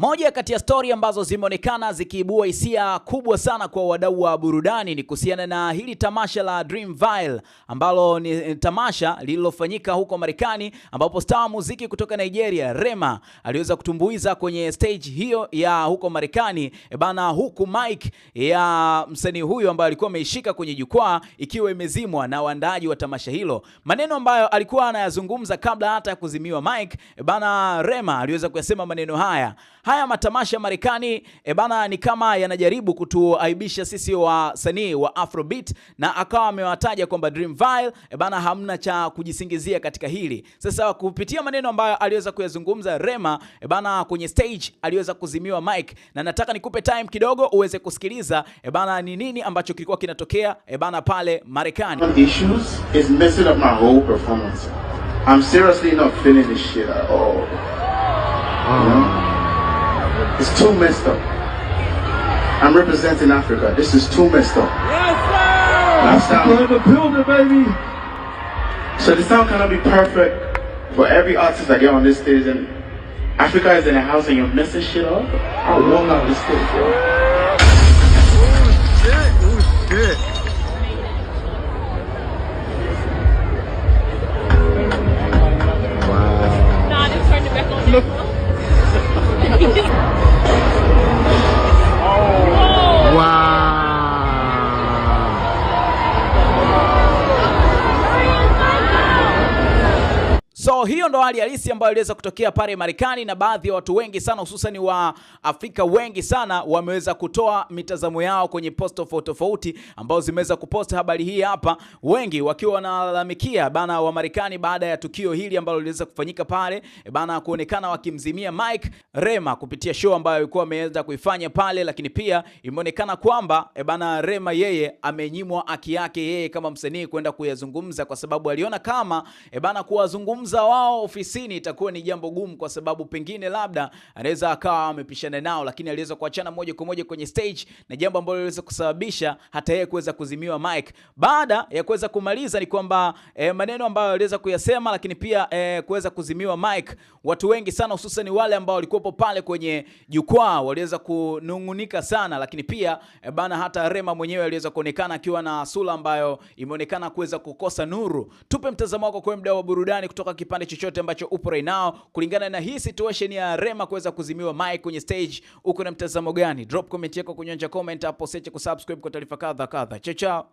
Moja kati ya stori ambazo zimeonekana zikiibua hisia kubwa sana kwa wadau wa burudani ni kuhusiana na hili tamasha la Dreamville ambalo ni tamasha lililofanyika huko Marekani, ambapo star muziki kutoka Nigeria Rema aliweza kutumbuiza kwenye stage hiyo ya huko Marekani e bana, huku mic ya msanii huyu ambaye alikuwa ameishika kwenye jukwaa ikiwa imezimwa na waandaaji wa tamasha hilo. Maneno ambayo alikuwa anayazungumza kabla hata ya kuzimiwa mic e bana, Rema aliweza kuyasema maneno haya Haya matamasha ya Marekani e bana, ni kama yanajaribu kutuaibisha sisi wasanii wa Afrobeat, na akawa amewataja kwamba Dreamville e bana, hamna cha kujisingizia katika hili. Sasa kupitia maneno ambayo aliweza kuyazungumza Rema e bana, kwenye stage aliweza kuzimiwa mic, na nataka nikupe time kidogo uweze kusikiliza e bana, ni nini ambacho kilikuwa kinatokea e bana pale Marekani. I'm seriously not feeling this shit at all. You know? It's too messed up. I'm representing Africa. This is too messed up. Yes, sir! Lifestyle. in the building, baby. So the sound cannot be perfect for every artist that get on this stage and Africa is in the house and you're messing shit up. I'll not out this stage, Oh shit, oh shit. Wow. Nah, just turn it back on. So hiyo ndo hali halisi ambayo iliweza kutokea pale Marekani, na baadhi ya watu wengi sana hususan wa Afrika wengi sana wameweza kutoa mitazamo yao kwenye post tofauti tofauti ambao zimeweza kuposta habari hii hapa, wengi wakiwa wanalalamikia bana wa Marekani baada ya tukio hili ambalo liliweza kufanyika pale e bana, kuonekana wakimzimia Mike Rema kupitia show ambayo alikuwa ameweza kuifanya pale, lakini pia imeonekana kwamba e bana Rema yeye amenyimwa haki yake yeye kama msanii kwenda kuyazungumza kwa sababu aliona kama e bana kuwazungumza wao ofisini itakuwa ni jambo gumu, kwa sababu pengine labda anaweza akawa amepishana nao, lakini aliweza kuachana moja kwa moja kwenye stage, na jambo ambalo liliweza kusababisha hata yeye kuweza kuzimiwa mic. Baada ya kuweza kumaliza ni kwamba e, maneno ambayo aliweza kuyasema, lakini pia e, kuweza kuzimiwa mic, watu wengi sana hususan wale ambao walikuwepo pale kwenye jukwaa waliweza kunungunika sana, lakini pia e, bana hata Rema mwenyewe aliweza kuonekana akiwa na sura ambayo imeonekana kuweza kukosa nuru. Tupe mtazamo wako kwa mdau wa burudani kutoka kipande kipande chochote ambacho upo right now kulingana na hii situation ya Rema kuweza kuzimiwa mic kwenye stage, uko na mtazamo gani? Drop comment yako kunyanja comment hapo, seche kusubscribe kwa taarifa kadha kadha. Chao chao.